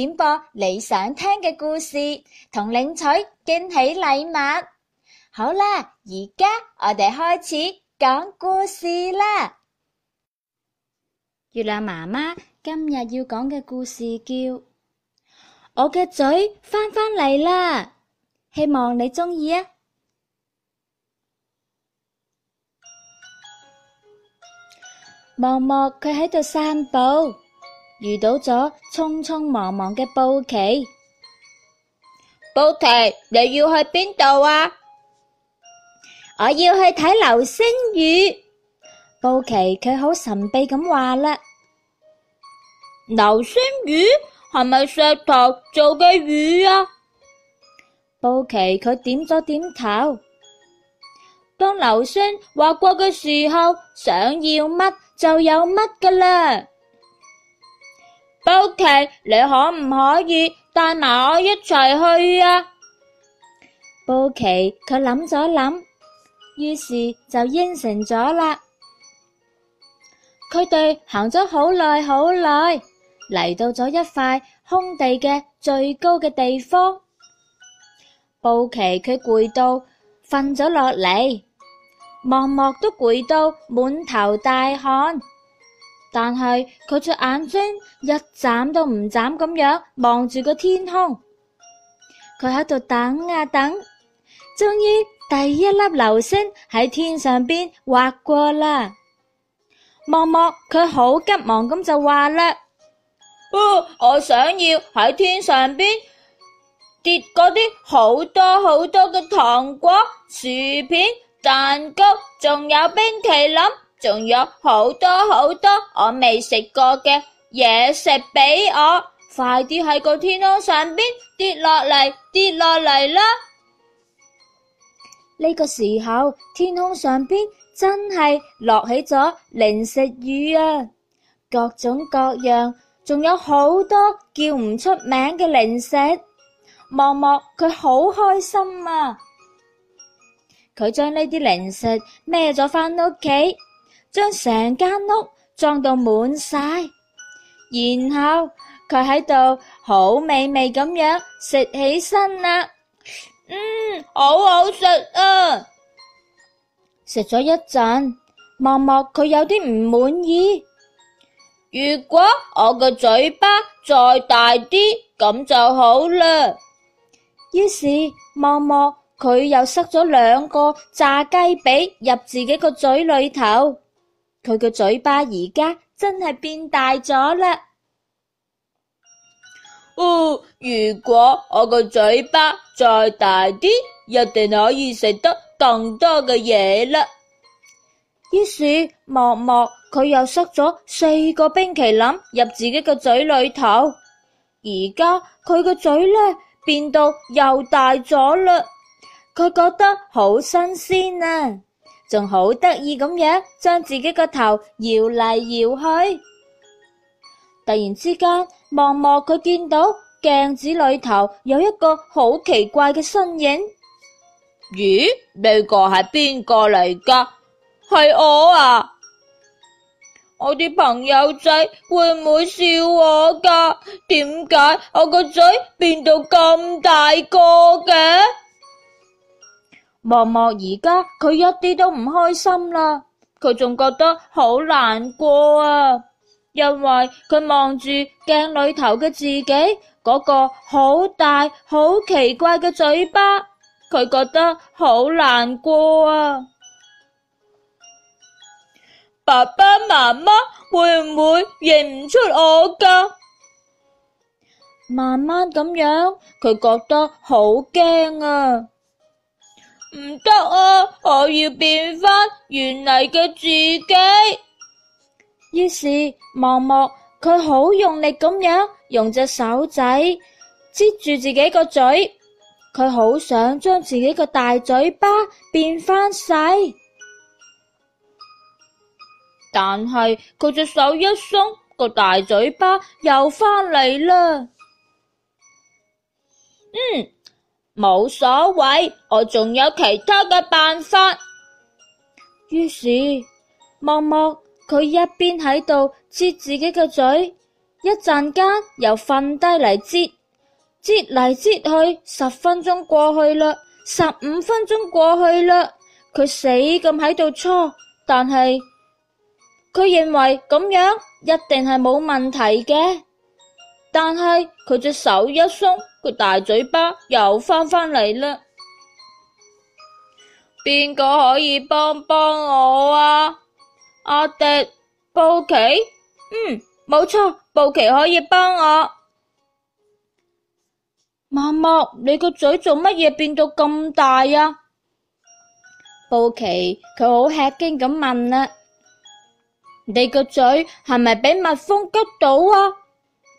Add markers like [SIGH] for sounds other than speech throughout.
點播你想聽嘅故事，同領取驚喜禮物。好啦，而家我哋開始講故事啦。月亮媽媽今日要講嘅故事叫《我嘅嘴翻返嚟啦》，希望你鍾意啊！毛毛佢喺度散步。遇到咗匆匆忙忙嘅布奇。布奇，你要去邊度啊？我要去睇流星雨。布奇佢好神秘咁話啦：流星雨係咪石頭做嘅雨啊？布奇佢點咗點頭。當流星劃過嘅時候，想要乜就有乜㗎喇。布奇，你可唔可以帶埋我一齊去啊？布奇佢諗咗諗，於是就應承咗啦。佢哋行咗好耐好耐，嚟到咗一塊空地嘅最高嘅地方。布奇佢攰到瞓咗落嚟，莫莫都攰到滿頭大汗。但係佢隻眼睛一眨都唔眨咁樣望住個天空，佢喺度等啊等，終於第一粒流星喺天上邊劃過啦。默默佢好急忙咁就話啦：哦，我想要喺天上邊跌嗰啲好多好多嘅糖果、薯片、蛋糕，仲有冰淇淋。仲有好多好多我未食過嘅嘢食俾我，快啲喺個天空上邊跌落嚟跌落嚟啦！呢個時候天空上邊真係落起咗零食雨啊！各種各樣，仲有好多叫唔出名嘅零食。默默佢好開心啊！佢將呢啲零食孭咗返屋企。將成間屋裝到滿晒，然後佢喺度好美味咁樣食起身啦。嗯，好好食啊！食咗一陣，默默佢有啲唔滿意。如果我個嘴巴再大啲咁就好啦。於是默默佢又塞咗兩個炸雞髀入自己個嘴裏頭。佢個嘴巴而家真係變大咗啦！哦，如果我個嘴巴再大啲，一定可以食得更多嘅嘢啦。於是默默佢又塞咗四個冰淇淋入自己個嘴裏頭，而家佢個嘴咧變到又大咗嘞。佢覺得好新鮮啊！仲好得意咁樣，將自己個頭搖嚟搖去。突然之間，望望佢見到鏡子裏頭有一個好奇怪嘅身影。咦？呢個係邊個嚟㗎？係我啊！我啲朋友仔會唔會笑我㗎？點解我個嘴變到咁大個嘅？默默而家佢一啲都唔開心啦，佢仲覺得好難過啊，因為佢望住鏡裏頭嘅自己嗰個好大好奇怪嘅嘴巴，佢覺得好難過啊。爸爸媽媽會唔會認唔出我噶？慢慢咁樣，佢覺得好驚啊！唔得啊！我要變翻原嚟嘅自己。於是望望佢好用力咁樣用隻手仔遮住自己個嘴，佢好想將自己個大嘴巴變翻細。但係佢隻手一鬆，個大嘴巴又翻嚟啦。嗯。冇所謂，我仲有其他嘅辦法。於是默默佢一邊喺度遮自己嘅嘴，一陣間又瞓低嚟遮，遮嚟遮去，十分鐘過去啦，十五分鐘過去啦，佢死咁喺度搓，但係佢認為咁樣一定係冇問題嘅。但係佢隻手一鬆，個大嘴巴又翻返嚟啦！邊個可以幫幫我啊？阿迪，布奇，嗯，冇錯，布奇可以幫我。媽媽，你個嘴做乜嘢變到咁大啊？布奇，佢好吃驚咁問啦、啊：你個嘴係咪俾蜜蜂吉到啊？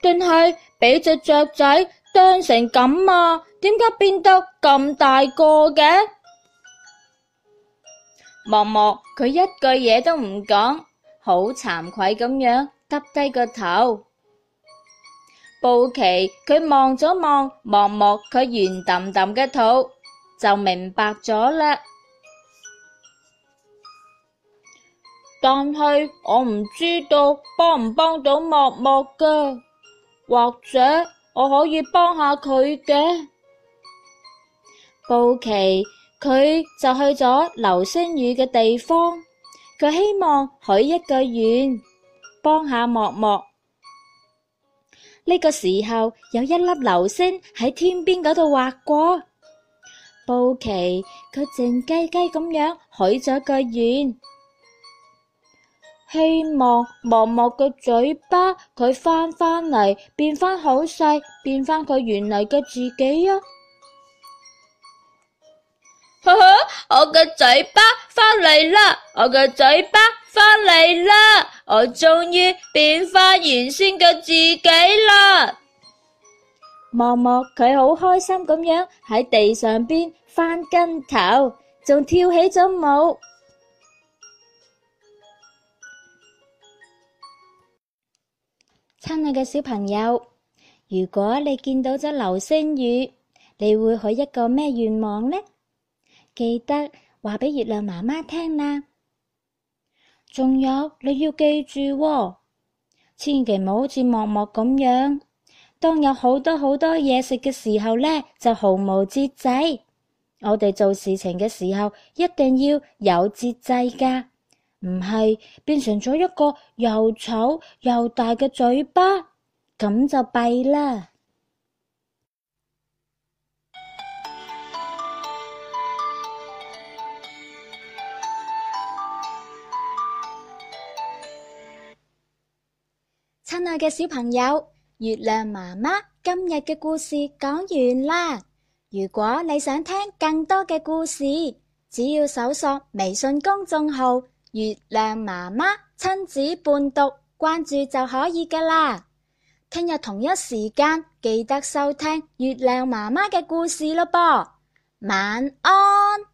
定係俾隻雀仔啄成咁啊？點解變得咁大個嘅？默默佢一句嘢都唔講，好慚愧咁樣耷低個頭。布奇佢望咗望默默佢圓揼揼嘅肚，就明白咗啦。但係我唔知道幫唔幫到默默噶。或者我可以幫下佢嘅，布奇佢就去咗流星雨嘅地方，佢希望許一個願，幫下莫莫。呢個時候有一粒流星喺天邊嗰度劃過，布奇佢靜雞雞咁樣許咗個願。希望默默嘅嘴巴佢翻返嚟，變翻好細，變翻佢原嚟嘅自己啊！呵呵， [LAUGHS] 我嘅嘴巴翻嚟啦，我嘅嘴巴翻嚟啦，我終於變翻原先嘅自己啦！默默佢好開心咁樣喺地上邊翻跟頭，仲跳起咗舞。親愛嘅小朋友，如果你見到咗流星雨，你會許一個咩願望呢？記得話俾月亮媽媽聽啦。仲有，你要記住喎，千祈唔好好似默默咁樣，當有好多好多嘢食嘅時候呢，就毫無節制。我哋做事情嘅時候，一定要有節制噶。唔係變成咗一個又醜又大嘅嘴巴，咁就弊啦。親愛嘅小朋友，月亮媽媽今日嘅故事講完啦。如果你想聽更多嘅故事，只要搜索微信公眾號。月亮媽媽親子伴讀，關注就可以㗎啦。聽日同一時間記得收聽月亮媽媽嘅故事咯噃。晚安。